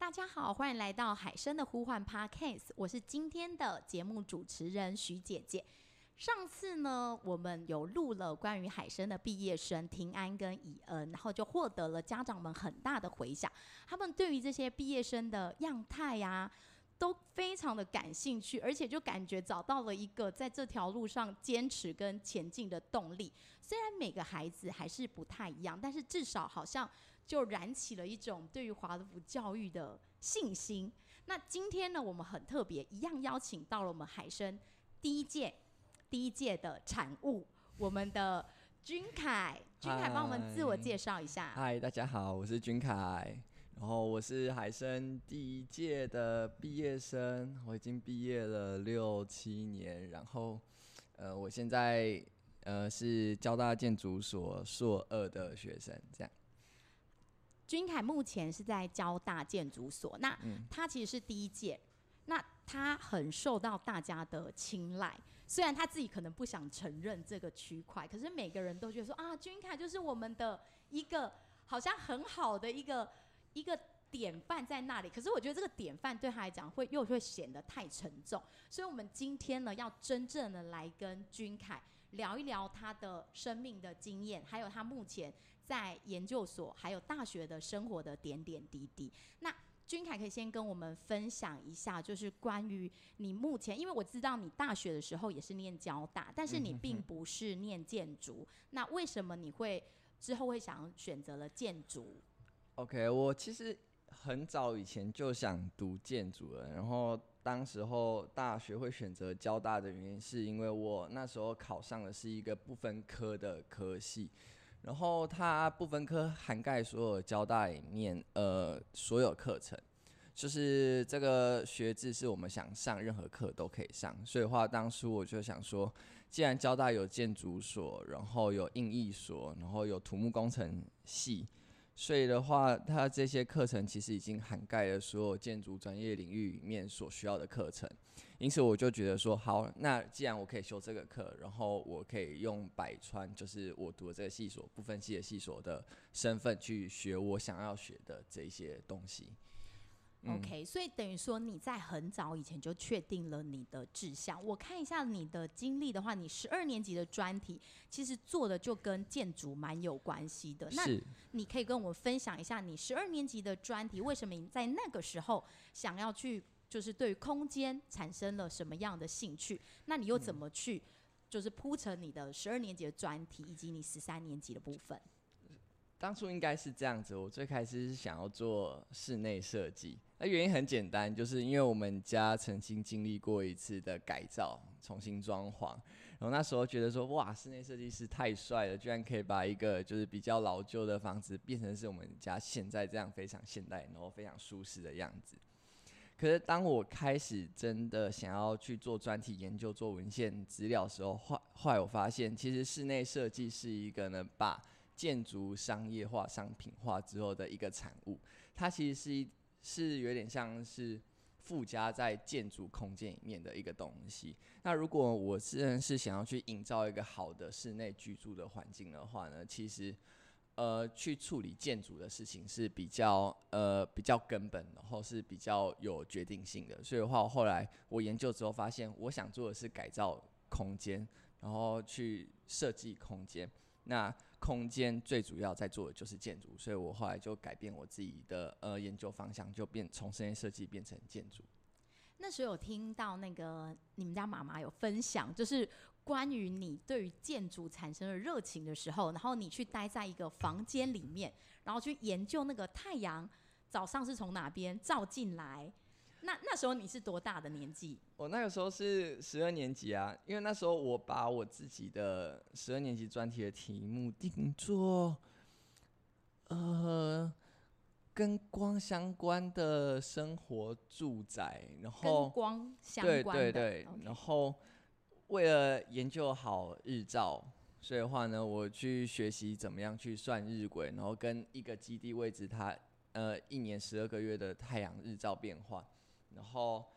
大家好，歡迎來到海聲的呼喚 Podcast，我是今天的節目主持人徐姐姐。上次呢，我們有錄了關於海生的畢業生廷安跟以恩，然後就獲得了家長們很大的回響。他們對於這些畢業生的樣態呀、啊，都非常的感興趣，而且就感覺找到了一個在這條路上堅持跟前進的動力。雖然每個孩子還是不太一樣，但是至少好像就燃起了一種對於華德福教育的信心。那今天呢，我們很特別，一樣邀請到了我們海生第一屆。第一屆的產物，我們的鈞凱，鈞凱幫 Hi, 我們自我介紹一下。Hi，大家好，我是鈞凱，然後我是海生第一屆的畢業生，我已經畢業了六七年，然後，呃，我現在呃是交大建築所碩二的學生。這樣，鈞凱目前是在交大建築所，那、嗯、他其實是第一屆，那他很受到大家的青睞。雖然他自己可能不想承認這個區塊，可是每個人都覺得說啊，鈞凱就是我們的一個好像很好的一個一個典範在那裡。可是我覺得這個典範對他來講會又會顯得太沉重，所以我們今天呢要真正的來跟鈞凱聊一聊他的生命的經驗，還有他目前在研究所還有大學的生活的點點滴滴。那鈞凱可以先跟我們分享一下，就是關於你目前，因為我知道你大學的時候也是念交大，但是你並不是念建築，嗯、哼哼那為什麼你會之後會想選擇了建築？OK，我其實很早以前就想讀建築了，然後當時候大學會選擇交大的原因，是因為我那時候考上的是一個不分科的科系。然後它不分科涵蓋所有交大裡面，呃，所有課程，就是這個學制是我們想上任何課都可以上。所以的話，當初我就想說，既然交大有建築所，然後有應藝所，然後有土木工程系，所以的話，它這些課程其實已經涵蓋了所有建築專業領域裡面所需要的課程。因此我就覺得說，好，那既然我可以修這個課，然後我可以用百川，就是我讀的這個系所，不分系的系所的身份，去學我想要學的這些東西。嗯、OK，所以等於說你在很早以前就確定了你的志向。我看一下你的經歷的話，你十二年級的專題其實做的就跟建築蠻有關係的。是。那你可以跟我分享一下，你十二年級的專題為什麼你在那個時候想要去？就是對空間產生了什麼樣的興趣？那你又怎麼去，就是鋪成你的十二年級的專題，以及你十三年級的部分？嗯，當初應該是這樣子，我最開始是想要做室內設計，那原因很簡單，就是因為我們家曾經經歷過一次的改造，重新裝潢，然後那時候覺得說，哇，室內設計師太帥了，居然可以把一個就是比較老舊的房子，變成是我們家現在這樣非常現代，然後非常舒適的樣子。可是，當我開始真的想要去做專題研究、做文獻資料的時候，後來我發現，其實室內設計是一個呢，把建築商業化、商品化之後的一個產物。它其實是是有點像是附加在建築空間裡面的一個東西。那如果我自然是想要去營造一個好的室內居住的環境的話呢，其實。呃，去處理建築的事情是比較呃比較根本，然後是比較有決定性的。所以的話，後來我研究之後發現，我想做的是改造空間，然後去設計空間。那空間最主要在做的就是建築，所以我後來就改變我自己的呃研究方向，就變從室內設計變成建築。那時候有聽到那個你們家媽媽有分享，就是。關於你對於建築產生了熱情的時候，然後你去待在一個房間裡面，然後去研究那個太陽早上是從哪邊照進來。那那時候你是多大的年紀？我那個時候是十二年級啊，因為那時候我把我自己的十二年級專題的題目定做，呃，跟光相關的生活住宅，然後跟光相關的，對對對，Okay. 然後。為了研究好日照，所以的話呢，我去學習怎麼樣去算日軌，然後跟一個基地位置它，它呃一年十二個月的太陽日照變化。然後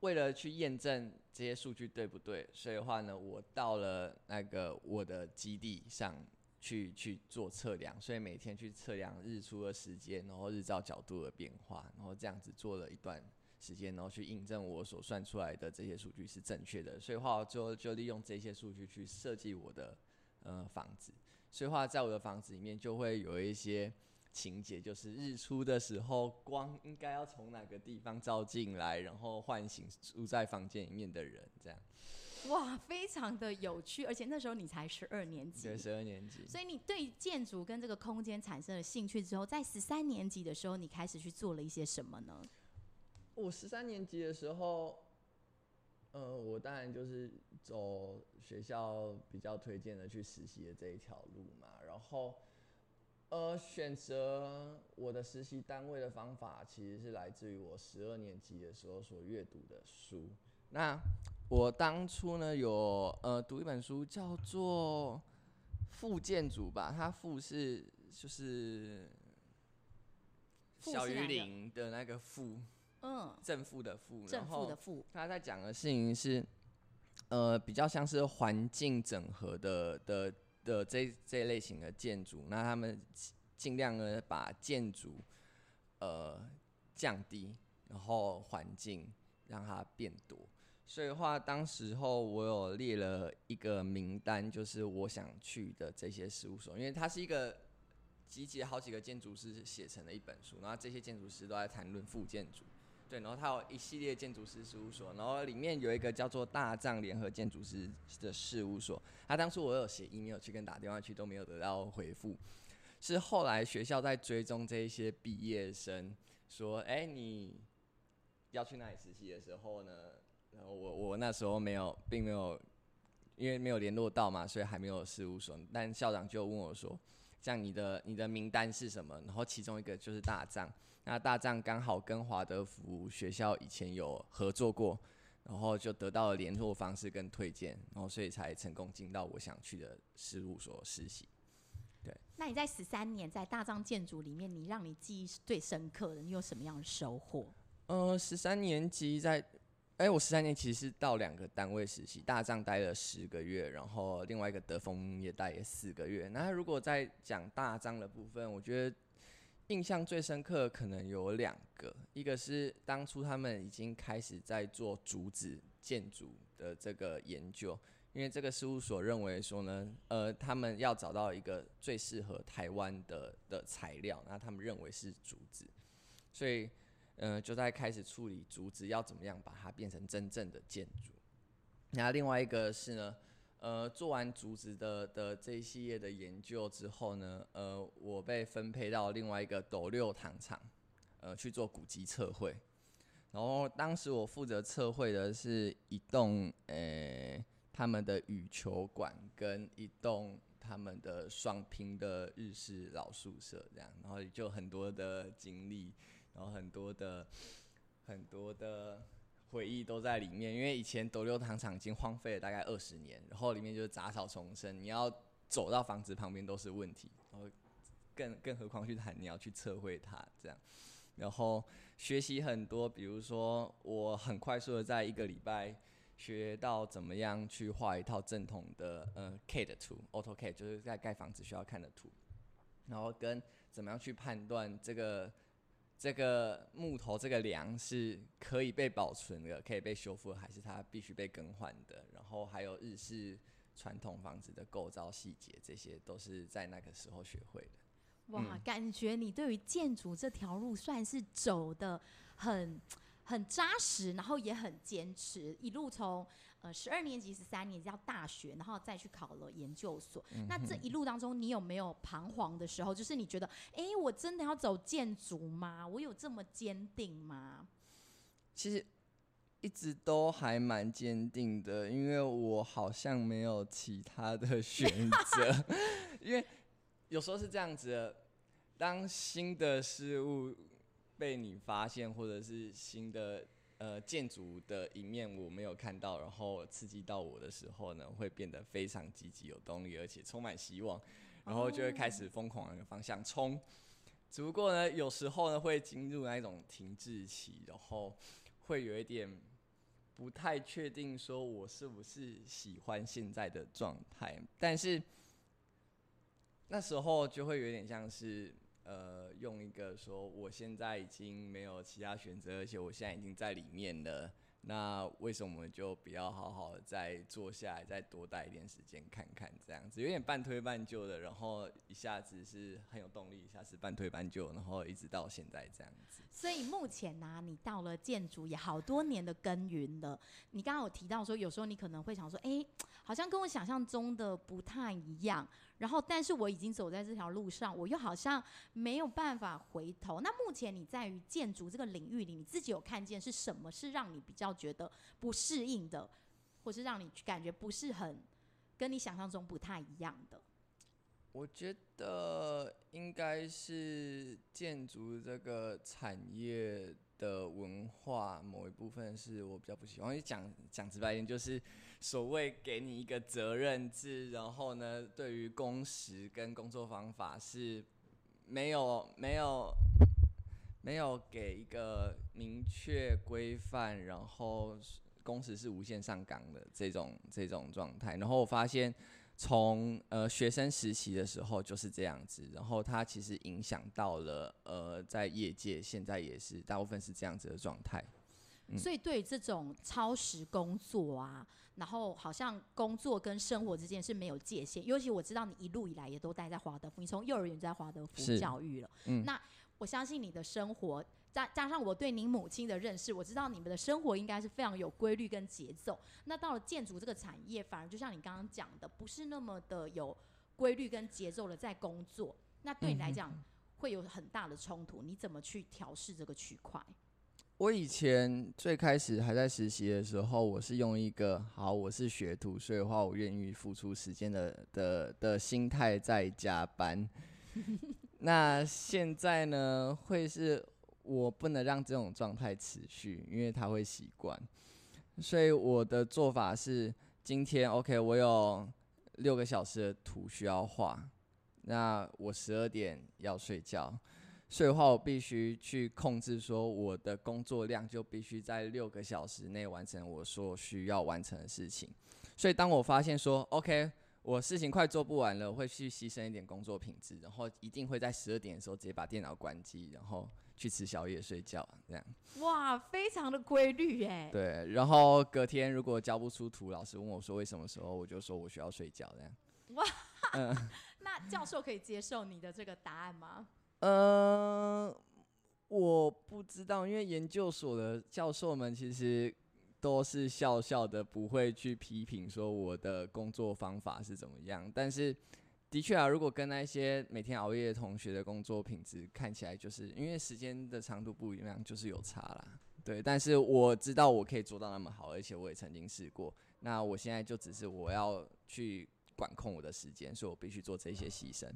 為了去驗證這些數據對不對，所以的話呢，我到了那個我的基地上去去做測量，所以每天去測量日出的時間，然後日照角度的變化，然後這樣子做了一段時間，然後去印證我所算出來的這些數據是正確的，所以話最後就利用這些數據去設計我的呃房子。所以話在我的房子裡面就會有一些情節，就是日出的時候光應該要從哪個地方照進來，然後喚醒住在房間裡面的人，這樣。哇，非常的有趣，而且那時候你才十二年級。對，十二年級。所以你對建築跟這個空間產生了興趣之後，在十三年級的時候，你開始去做了一些什麼呢？我十三年級的時候，呃，我當然就是走學校比較推薦的去實習的這一條路嘛。然後，呃，選擇我的實習單位的方法，其實是來自於我十二年級的時候所閱讀的書。那我當初呢，有呃讀一本書叫做《負建築》吧，它負是就是小於零的那個負。嗯，正負的負，正負的負。他在講的事情是，呃，比較像是環境整合的的的、的這一這一類型的建築，那他們盡量呢把建築呃降低，然後環境讓它變多。所以的話，當時候我有列了一個名單，就是我想去的這些事務所，因為它是一個集結好幾個建築師寫成的一本書，然後這些建築師都在談論負建築。對，然後他有一系列建築師事務所，然後裡面有一個叫做大藏聯合建築師的事務所。他當初我有寫 email 去跟打電話去，都沒有得到回復。是後來學校在追蹤這些畢業生，說，哎，你要去哪裡實習的時候呢？然後我我那時候沒有，並沒有，因為沒有聯絡到嘛，所以還沒有事務所。但校長就問我說。像你的你的名單是什麼？然後其中一個就是大藏，那大藏剛好跟華德福學校以前有合作過，然後就得到了聯絡方式跟推薦，然後所以才成功進到我想去的事務所實習。對，那你在十三年在大藏建築裡面，你讓你記憶最深刻的，你有什麼樣的收穫？呃，十三年級在。哎、欸，我十三年其實是到兩個單位實習，大藏待了十個月，然後另外一個德豐也待了四個月。那如果在講大藏的部分，我覺得印象最深刻可能有兩個，一個是當初他們已經開始在做竹子建築的這個研究，因為這個事務所認為說呢，呃，他們要找到一個最適合台灣的的材料，那他們認為是竹子，所以。嗯、呃，就在開始處理竹子要怎麼樣把它變成真正的建築。那另外一個是呢，呃，做完竹子的的這一系列的研究之後呢，呃，我被分配到另外一個斗六糖廠，呃，去做古蹟測繪。然後當時我負責測繪的是一棟，呃、欸，他們的羽球館跟一棟他們的雙拼的日式老宿舍這樣，然後就很多的經歷。然後很多的很多的回憶都在裡面，因為以前斗六糖廠已經荒廢了大概二十年，然後裡面就是雜草叢生，你要走到房子旁邊都是問題，然後更更何況去談你要去測繪它這樣。然後學習很多，比如說我很快速的在一個禮拜學到怎麼樣去畫一套正統的呃 CAD 的圖，AutoCAD 就是在蓋房子需要看的圖，然後跟怎麼樣去判斷這個。這個木頭、這個梁是可以被保存的，可以被修復，還是它必須被更換的？然後還有日式傳統房子的構造細節，這些都是在那個時候學會的。哇，嗯、感覺你對於建築這條路算是走得很、很扎實，然後也很堅持，一路從。呃，十二年級、十三年級到大學，然後再去考了研究所。嗯、哼那這一路當中，你有沒有彷徨的時候？就是你覺得，哎、欸，我真的要走建築嗎？我有這麼堅定嗎？其實一直都還蠻堅定的，因為我好像沒有其他的選擇。 因為有時候是這樣子，當新的事物被你發現，或者是新的。呃，建築的一面我沒有看到，然後刺激到我的時候呢，會變得非常積極、有動力，而且充滿希望，然後就會開始瘋狂的方向衝。Oh, okay. 只不過呢，有時候呢會進入那種停滯期，然後會有一點不太確定，說我是不是喜歡現在的狀態，但是那時候就會有點像是。呃，用一個說，我現在已經沒有其他選擇，而且我現在已經在裡面了。那為什麼就不要好好再坐下來，再多待一點時間看看？這樣子有點半推半就的，然後一下子是很有動力，一下子半推半就，然後一直到現在這樣子。所以目前呢，你到了建築也好多年的耕耘了。你剛剛有提到說，有時候你可能會想說，欸，好像跟我想象中的不太一樣。然後，但是我已經走在這條路上，我又好像沒有辦法回頭。那目前你在於建築這個領域裡，你自己有看見是什麼是讓你比較覺得不適應的，或是讓你感覺不是很跟你想象中不太一樣的？我覺得應該是建築這個產業的文化某一部分是我比較不喜歡。講講直白一點，就是。所謂給你一個責任制，然後呢，對於工時跟工作方法是沒有，沒有沒有沒有給一個明確規範，然後工時是無限上綱的這種這種狀態。然後我發現，從呃學生實習的時候就是這樣子，然後它其實影響到了呃在業界，現在也是大部分是這樣子的狀態。嗯、所以對這種超時工作啊。然後好像工作跟生活之間是沒有界限，尤其我知道你一路以來也都待在華德福，你從幼兒園就在華德福教育了，嗯，那我相信你的生活加加上我對你母親的認識，我知道你們的生活應該是非常有規律跟節奏。那到了建築這個產業，反而就像你剛剛講的，不是那麼的有規律跟節奏的在工作，那對你來講會有很大的衝突，你怎麼去調試這個區塊？我以前最開始還在實習的時候，我是用一個“好，我是學徒，所以的話，我願意付出時間的的的心態在加班。 那現在呢，會是我不能讓這種狀態持續，因為他會習慣。所以我的做法是，今天 OK，我有六個小時的圖需要畫，那我十二點要睡覺。所以的話，我必須去控制說我的工作量就必須在六個小時內完成我所需要完成的事情。所以當我發現說，OK，我事情快做不完了，我會去犧牲一點工作品質，然後一定會在十二點的時候直接把電腦關機，然後去吃宵夜睡覺，這樣。哇，非常的規律哎、欸。對，然後隔天如果交不出圖，老師問我說為什麼的時候，我就說我需要睡覺這樣。哇，哈哈嗯、那教授可以接受你的這個答案嗎？嗯、呃，我不知道，因為研究所的教授們其實都是笑笑的，不會去批評說我的工作方法是怎麼樣。但是，的確啊，如果跟那些每天熬夜的同學的工作品質看起來，就是因為時間的長度不一樣，就是有差啦。對，但是我知道我可以做到那麼好，而且我也曾經試過。那我現在就只是我要去管控我的時間，所以我必須做這些犧牲。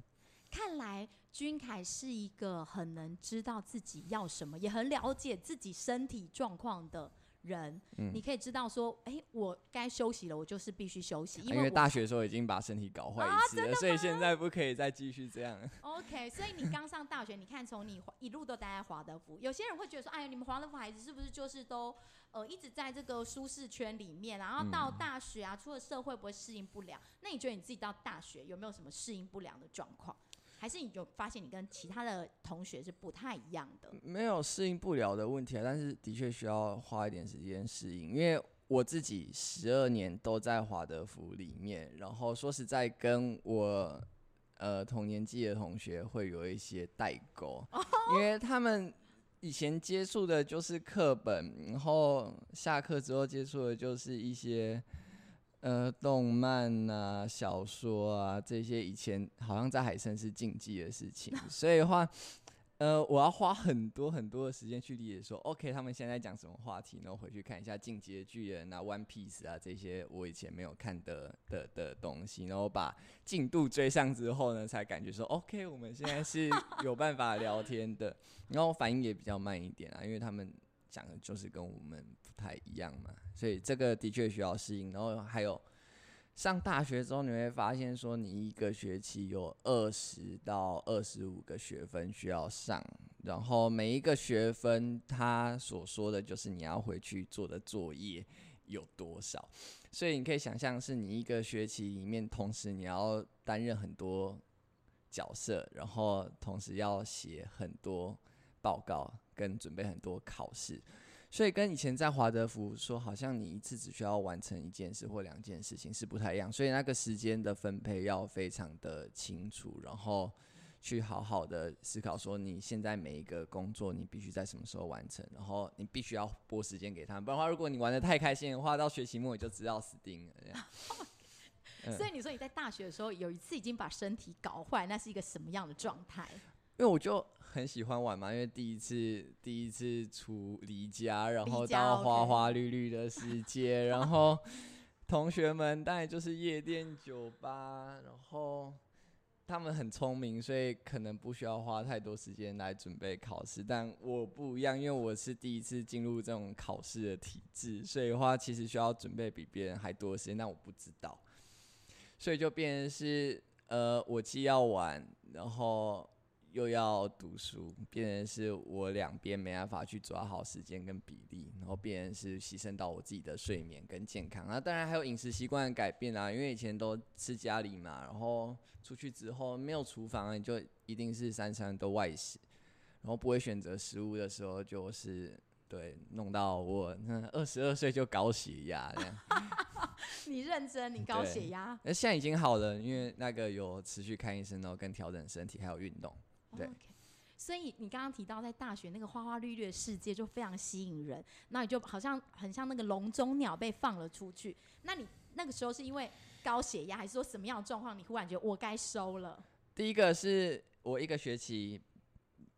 看來鈞凱是一個很能知道自己要什麼，也很了解自己身體狀況的人。嗯、你可以知道說，哎，欸，我該休息了，我就是必須休息因、啊，因為大學時候已經把身體搞壞一次了，啊、真的嗎？所以現在不可以再繼續這樣了。OK，所以你剛上大學，你看從你一路都待在華德福， 有些人會覺得說，哎，你們華德福孩子是不是就是都呃一直在這個舒適圈裡面，然後到大學啊，出了社會不會適應不良？嗯、那你覺得你自己到大學有沒有什麼適應不良的狀況？還是你就發現你跟其他的同學是不太一樣的？沒有適應不了的問題啊，但是的確需要花一點時間適應。因為我自己十二年都在華德福裡面，然後說實在，跟我呃同年紀的同學會有一些代溝，oh. 因為他們以前接觸的就是課本，然後下課之後接觸的就是一些。呃，動漫吶、啊、小說啊，這些以前好像在海生是禁忌的事情，所以的話，呃，我要花很多很多的時間去理解說，OK，他們現在講什麼話題，然後回去看一下《進擊的巨人》啊、《One Piece》啊，這些我以前沒有看的的的東西，然後把進度追上之後呢，才感覺說，OK，我們現在是有辦法聊天的，然後反應也比較慢一點啊，因為他們。講的就是跟我們不太一樣嘛，所以這個的確需要適應。然後還有上大學之後，你會發現說，你一個學期有二十到二十五個學分需要上，然後每一個學分他所說的就是你要回去做的作業有多少。所以你可以想象，是你一個學期裡面，同時你要擔任很多角色，然後同時要寫很多報告。跟準備很多考試，所以跟以前在華德福說，好像你一次只需要完成一件事或兩件事情是不太一樣，所以那個時間的分配要非常的清楚，然後去好好的思考說你現在每一個工作你必須在什麼時候完成，然後你必須要撥時間給他們，不然的話，如果你玩得太開心的話，到學期末你就知道死定了。嗯、 所以你說你在大學的時候有一次已經把身體搞壞，那是一個什麼樣的狀態？因為我就很喜歡玩嘛，因為第一次第一次出離家，然後到花花綠綠的世界，okay. 然後同學們當然就是夜店酒吧，然後他們很聰明，所以可能不需要花太多時間來準備考試。但我不一樣，因為我是第一次進入這種考試的體制，所以的話其實需要準備比別人還多的時間。但我不知道，所以就變成是呃，我既要玩，然後，又要讀書，變成是我兩邊沒辦法去抓好時間跟比例，然後變成是犧牲到我自己的睡眠跟健康啊。然後當然還有飲食習慣的改變啦、啊，因為以前都吃家裡嘛，然後出去之後沒有廚房，就一定是三餐都外食，然後不會選擇食物的時候，就是對弄到我那二十二歲就高血壓。 你認真，你高血壓？那現在已經好了，因為那個有持續看醫生，然後跟調整身體，還有運動。Oh, okay. 對，所以你剛剛提到在大學那個花花綠綠的世界就非常吸引人，那你就好像很像那個籠中鳥被放了出去。那你那個時候是因為高血壓，還是說什麼樣的狀況？你忽然覺得我該收了？第一個是我一個學期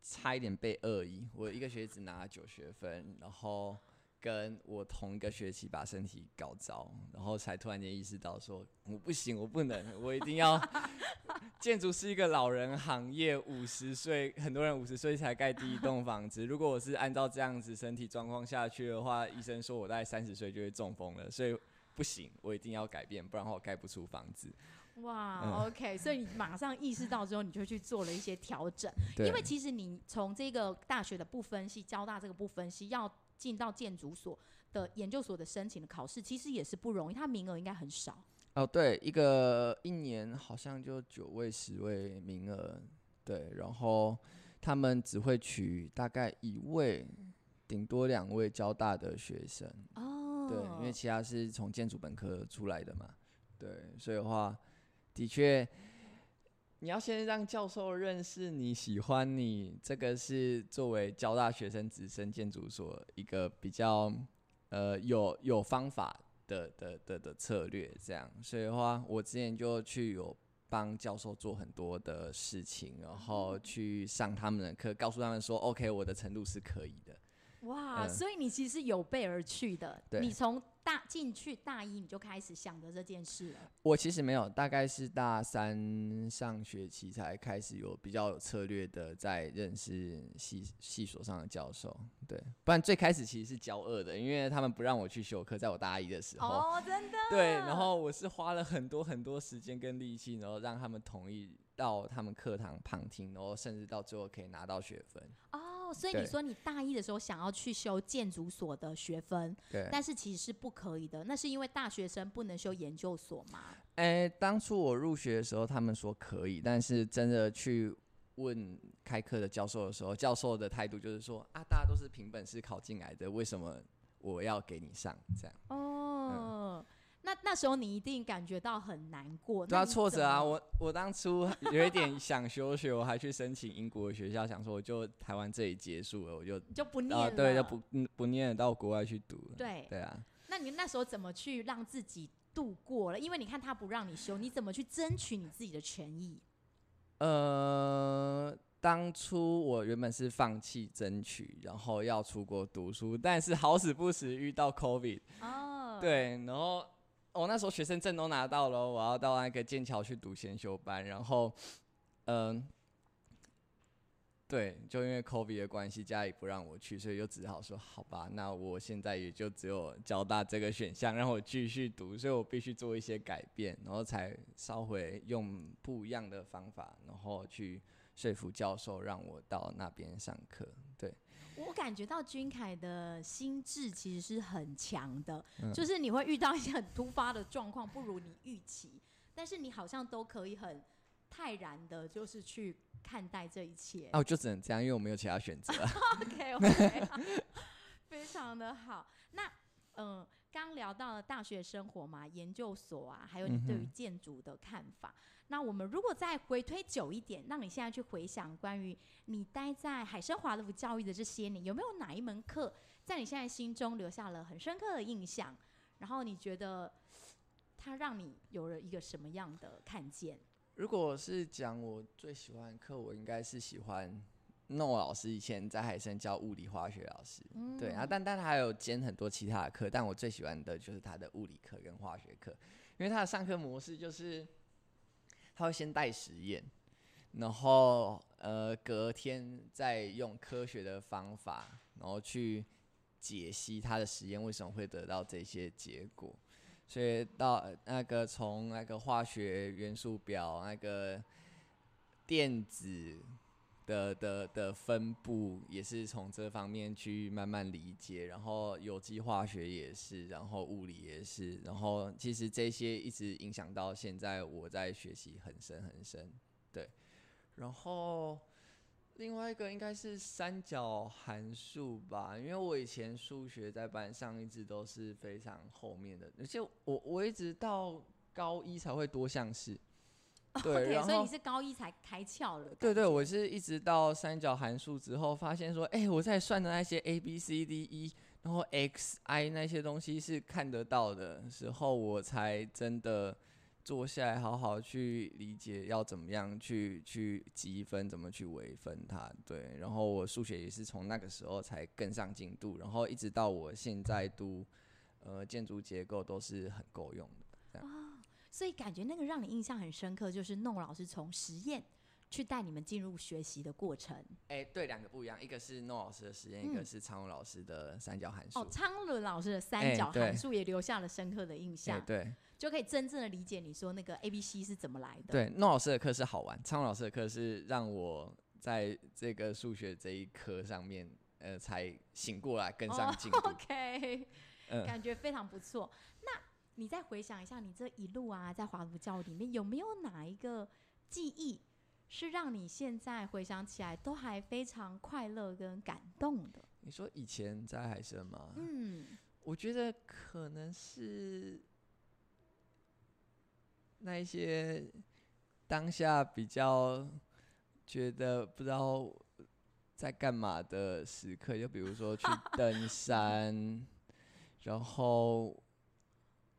差一點被二一，我一個學期只拿了九學分，然後，跟我同一個學期把身體搞糟，然後才突然間意識到說我不行，我不能，我一定要。 建築是一個老人行業，五十歲很多人五十歲才蓋第一棟房子。 如果我是按照這樣子身體狀況下去的話，醫生說我在三十歲就會中風了，所以不行，我一定要改變，不然我蓋不出房子。哇，OK，所以你馬上意識到之後，你就去做了一些調整。對因為其實你從這個大學的不分系，交大這個不分系要。進到建築所的研究所的申請的考試，其實也是不容易，他名額應該很少。哦，對，一個一年好像就九位十位名額，對，然後他們只會取大概一位，頂多兩位交大的學生。哦，對，因為其他是從建築本科出來的嘛，對，所以的話，的確。你要先讓教授認識你喜歡你，這個是作為交大學生直升建築所一個比較，呃，有有方法的的的的策略這樣。所以的話，我之前就去有幫教授做很多的事情，然後去上他們的課，告訴他們說，OK，我的程度是可以的。哇，嗯，所以你其實是有備而去的，對你從。大進去大一你就開始想着這件事了。我其實沒有，大概是大三上學期才開始有比較有策略的在認識系系所上的教授，對，不然最開始其實是交惡的，因為他們不讓我去修課，在我大一的時候。哦，真的。對，然後我是花了很多很多時間跟力氣，然後讓他們同意到他們課堂旁聽，然後甚至到最後可以拿到學分。哦。所以你說你大一的時候想要去修建築所的學分，對，但是其實是不可以的，那是因為大學生不能修研究所嗎？欸，當初我入學的時候，他們說可以，但是真的去問開課的教授的時候，教授的態度就是說啊，大家都是憑本事考進來的，為什麼我要給你上這樣？哦，oh. 嗯。那那時候你一定感覺到很難過，那對啊，挫折啊！我我當初有一點想休學， 我還去申請英國的學校，想說我就台灣這裡結束了，我就就不唸了，啊、對，就不不唸了，到國外去讀。對，對啊。那你那時候怎麼去讓自己度過了？因為你看他不讓你休，你怎麼去爭取你自己的權益？呃，當初我原本是放棄爭取，然後要出國讀書，但是好死不死遇到 COVID，哦，oh. 對，然後。我、哦、那時候學生證都拿到了，我要到那個劍橋去讀先修班，然後，嗯，對，就因為 COVID 的關係，家裡不讓我去，所以就只好說好吧。那我現在也就只有交大這個選項讓我繼續讀，所以我必須做一些改變，然後才稍微用不一樣的方法，然後去說服教授讓我到那邊上課。我感覺到鈞凱的心智其實是很強的，就是你會遇到一些很突發的狀況，不如你預期，但是你好像都可以很泰然的，就是去看待這一切。哦，就只能這樣，因為我沒有其他選擇。 OK OK，非常的好。那嗯，剛、呃、聊到了大學生活嘛，研究所啊，還有你對於建築的看法。嗯那我們如果再回推久一點，讓你現在去回想關於你待在海聲華德福教育的這些年，有沒有哪一門課在你現在心中留下了很深刻的印象？然後你覺得它讓你有了一個什麼樣的看見？如果是講我最喜歡的課，我應該是喜歡諾老師以前在海聲教物理化學老師，嗯、對啊，但但他還有兼很多其他的課，但我最喜歡的就是他的物理課跟化學課，因為他的上課模式就是。他會先帶實驗，然後呃隔天再用科學的方法，然後去解析他的實驗為什麼會得到這些結果。所以到那個從那個化學元素表那個電子。的的的分佈也是從這方面去慢慢理解，然後有機化學也是，然後物理也是，然後其實這些一直影響到現在我在學習很深很深。對，然後另外一個應該是三角函數吧，因為我以前數學在班上一直都是非常後面的，而且我我一直到高一才會多項式。對，Okay，然後，所以你是高一才開竅了？對，對，我是一直到三角函數之後，發現說，哎，欸，我在算的那些 a、b、c、d、e，然後 x、i 那些東西是看得到的時候，我才真的坐下來好好去理解要怎麼樣去去積分，怎麼去微分它。對，然後我數學也是從那個時候才跟上進度，然後一直到我現在讀，呃，建築結構都是很夠用的。所以感覺那個讓你印象很深刻，就是弄老師從實驗去帶你們進入學習的過程。哎、欸，對，兩個不一樣，一個是弄老師的實驗，嗯、一個是昌隆老師的三角函數。哦，昌隆老師的三角函數也留下了深刻的印象。欸、對，就可以真正的理解你說那個 A、B、C 是怎麼來的。對，弄老師的課是好玩，昌隆老師的課是讓我在這個數學這一科上面，呃，才醒過來跟上進度。哦、OK，嗯、感覺非常不錯。那你再回想一下，你這一路啊，在華德福教育裡面有沒有哪一個記憶，是讓你現在回想起來都還非常快樂跟感動的？你說以前在海聲嗎？嗯，我覺得可能是那一些當下比較覺得不知道在幹嘛的時刻，就比如說去登山， 然後。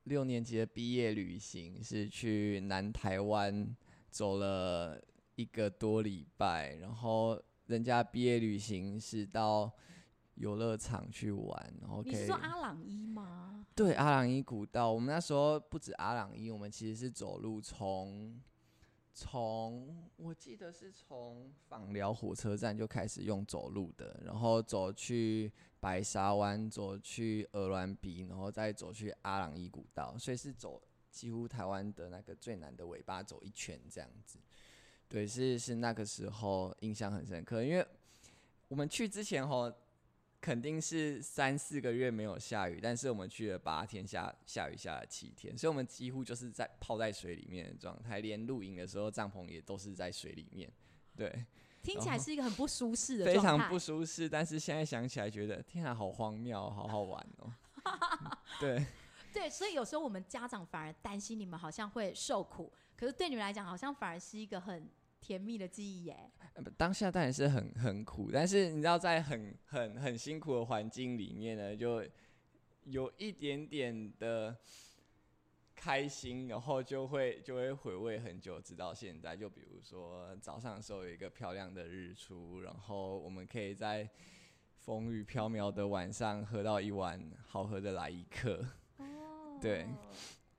六年級的畢業旅行是去南台灣，走了一個多禮拜，然後人家畢業旅行是到遊樂場去玩。Okay。你是說阿朗伊嗎？對，阿朗伊古道。我們那時候不止阿朗伊，我們其實是走路從。從我記得是從枋寮火車站就開始用走路的，然後走去白沙灣，走去鵝銮鼻，然後再走去阿朗伊古道，所以是走幾乎台灣的那個最南的尾巴走一圈這樣子。對，是是那個時候印象很深刻，因為我們去之前吼。肯定是三四個月沒有下雨，但是我們去了八天，下下雨下了七天，所以我們幾乎就是在泡在水裡面的狀態，連露營的時候帳篷也都是在水裡面。對，聽起來是一個很不舒適的狀態，非常不舒適。但是現在想起來，覺得天啊，好荒謬，好好玩哦！對 對，所以有時候我們家長反而擔心你們好像會受苦，可是對你們來講，好像反而是一個很。甜蜜的記憶耶！欸呃！當下當然是很很苦，但是你知道，在很很很辛苦的環境裡面呢，就有一點點的開心，然後就會就會回味很久，直到現在。就比如說早上的時候有一個漂亮的日出，然後我們可以在風雨飄渺的晚上喝到一碗好喝的來一客。oh. 對，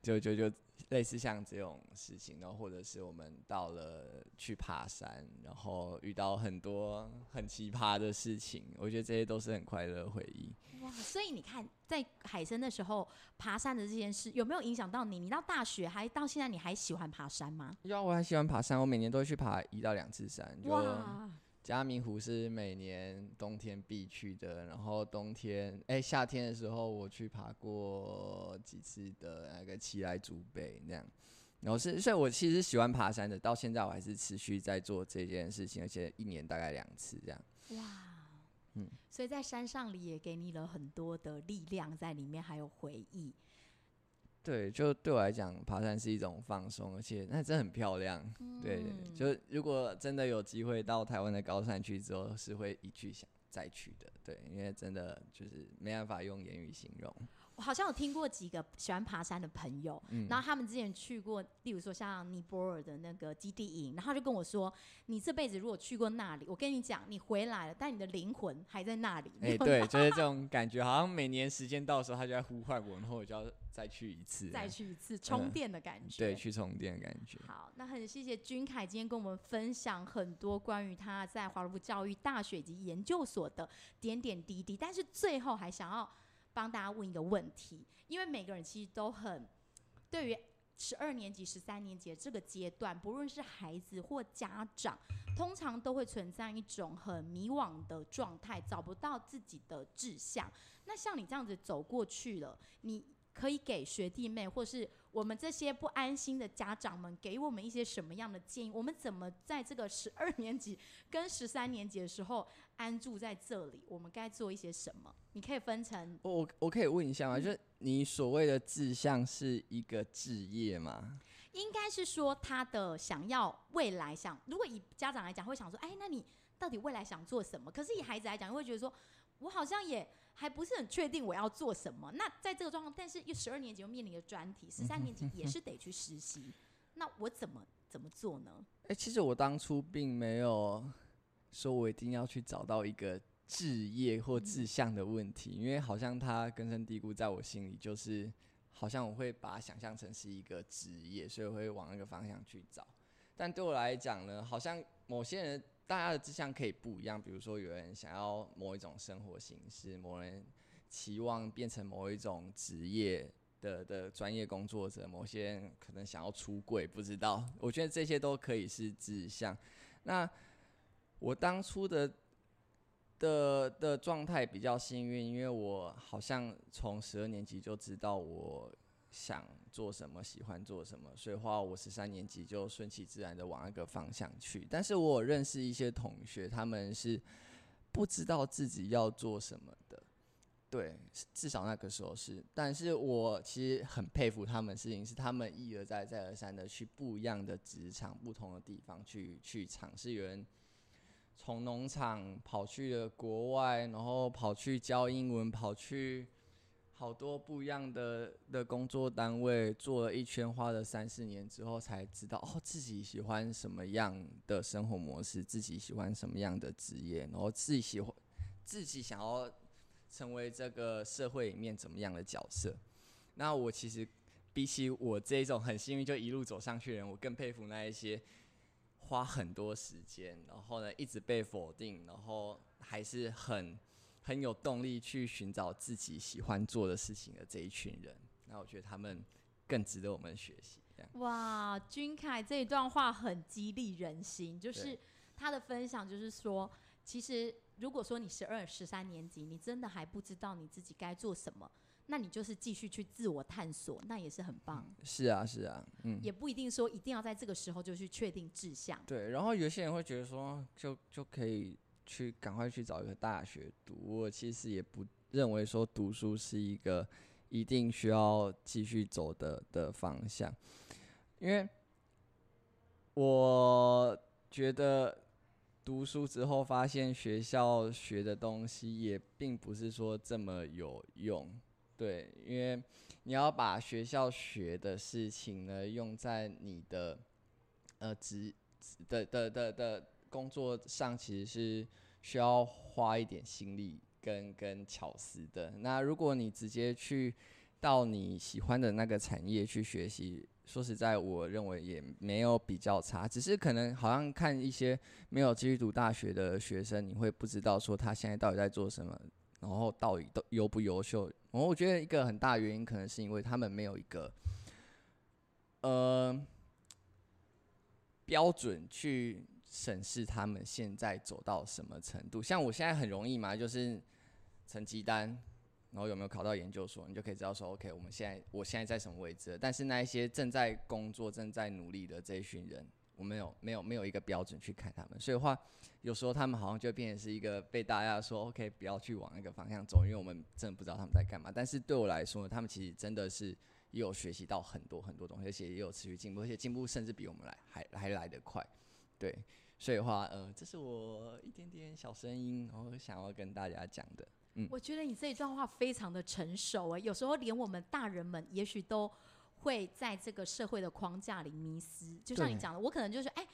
就就就。就類似像這種事情，然後或者是我們到了去爬山，然後遇到很多很奇葩的事情，我覺得這些都是很快樂的回憶。哇！所以你看，在海生的時候爬山的這件事，有沒有影響到你？你到大學還到現在，你還喜歡爬山嗎？有，我還喜歡爬山，我每年都會去爬一到兩次山。就哇！嘉明湖是每年冬天必去的，然後冬天，哎，夏天的時候我去爬過幾次的那個奇萊主北那樣，然後是，所以我其實喜歡爬山的，到現在我還是持續在做這件事情，而且一年大概兩次這樣。哇，嗯，所以在山上裡也給你了很多的力量在裡面，還有回憶。對，就對我來講，爬山是一種放鬆，而且那真的很漂亮。嗯、對，就如果真的有機會到台灣的高山去之後，是會一去想再去的。對，因為真的就是沒辦法用言語形容。我好像有聽過幾個喜歡爬山的朋友，嗯、然後他們之前去過，例如說像尼泊爾的那個基地營，然後他就跟我說：“你這輩子如果去過那裡，我跟你講，你回來了，但你的靈魂還在那裡。欸”哎， 對，就是這種感覺，好像每年時間到的時候他就在呼喚我，然後我就要再去一次，再去一次充電的感覺，嗯、對，去充電的感覺。好，那很謝謝鈞凱今天跟我們分享很多關於他在華羅福教育大學以及研究所的點點滴滴，但是最後還想要。幫大家問一個問題，因為每個人其實都很，對於十二年級、十三年級這個階段，不論是孩子或家長，通常都會存在一種很迷惘的狀態，找不到自己的志向。那像你這樣子走過去了，你。可以給學弟妹，或是我們這些不安心的家長們，給我們一些什麼樣的建議？我們怎麼在這個十二年級跟十三年級的時候安住在這裡？我們該做一些什麼？你可以分成我我可以問一下嗎？就是你所謂的志向是一個職業嗎？應該是說他的想要未來想，如果以家長來講，會想說，哎，那你到底未來想做什麼？可是以孩子來講，會覺得說，我好像也。還不是很確定我要做什麼。那在這個狀況，但是又十二年級又面臨一個專題，十三年級也是得去實習。嗯、哼哼那我怎麼怎麼做呢？哎、欸，其實我當初並沒有說我一定要去找到一個志業或志向的問題，嗯、因為好像它根深蒂固在我心裡，就是好像我會把它想象成是一個職業，所以我會往那個方向去找。但對我來講呢，好像某些人。大家的志向可以不一樣，比如說有人想要某一種生活形式，某人期望變成某一種職業的的專業工作者，某些人可能想要出櫃，不知道。我覺得這些都可以是志向。那我當初的的的狀態比較幸運，因為我好像從十二年級就知道我。想做什麼，喜歡做什麼，所以話我十三年級就順其自然的往那個方向去。但是我有認識一些同學，他們是不知道自己要做什麼的，對，至少那個時候是。但是我其實很佩服他們，事情是他們一而再、再而三的去不一樣的職場、不同的地方去去嘗試。有人從農場跑去了國外，然後跑去教英文，跑去。好多不一樣的的工作單位，做了一圈，花了三四年之後，才知道哦，自己喜歡什麼樣的生活模式，自己喜歡什麼樣的職業，然後自己喜歡，自己想要成為這個社會裡面怎麼樣的角色。那我其實比起我這種很幸運就一路走上去的人，我更佩服那一些花很多時間，然後呢一直被否定，然後還是很。很有動力去尋找自己喜歡做的事情的這一群人，那我覺得他們更值得我們學習。這樣哇，鈞凱這一段話很激勵人心，就是他的分享，就是說，對其實如果說你十二、十三年級，你真的還不知道你自己該做什麼，那你就是繼續去自我探索，那也是很棒。嗯，是啊，是啊，嗯，也不一定說一定要在這個時候就去確定志向。對，然後有些人會覺得說，就就可以。去趕快去找一個大學讀。我其實也不認為說讀書是一個一定需要繼續走的的方向，因為我覺得讀書之後發現學校學的東西也並不是說這麼有用，對，因為你要把學校學的事情呢用在你的呃職的的的的。的的工作上其實是需要花一點心力跟跟巧思的。那如果你直接去到你喜歡的那個產業去學習，說實在，我認為也沒有比較差，只是可能好像看一些沒有繼續讀大學的學生，你會不知道說他現在到底在做什麼，然後到底都優不優秀。我覺得一個很大原因可能是因為他們沒有一個呃標準去。審視他們現在走到什麼程度，像我現在很容易嘛，就是成績單，然後有沒有考到研究所，你就可以知道說，OK，我們現在我現在在什麼位置。但是那一些正在工作、正在努力的這一群人，我沒有沒有沒有一個標準去看他們，所以的話，有時候他們好像就變成是一個被大家說，OK，不要去往那個方向走，因為我們真的不知道他們在幹嘛。但是對我來說，他們其實真的是也有學習到很多很多東西，而且也有持續進步，而且進步甚至比我們來還還來得快，對。所以話，呃，這是我一點點小聲音，然後想要跟大家講的。嗯，我覺得你這一段話非常的成熟誒、欸，有時候連我們大人們也許都會在這個社會的框架裡迷失。就像你講的，對我可能就是哎，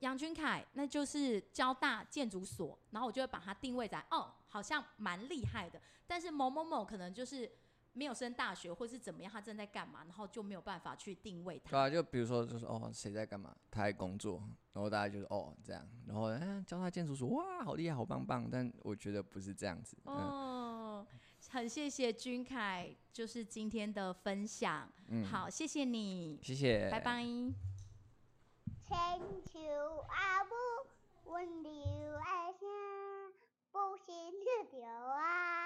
楊、欸、鈞凱，那就是交大建築所，然後我就會把它定位在哦，好像蠻厲害的，但是某某某可能就是。沒有升大學，或是怎麼樣？他正在幹嘛？然後就沒有辦法去定位他。對啊，就比如說，就是哦，誰在幹嘛？他在工作，然後大家就是哦，這樣，然後教、呃、他建築說哇，好厲害，好棒棒。但我覺得不是這樣子。哦，嗯、很謝謝鈞凱，就是今天的分享。嗯，好，謝謝你，謝謝，拜拜 bye。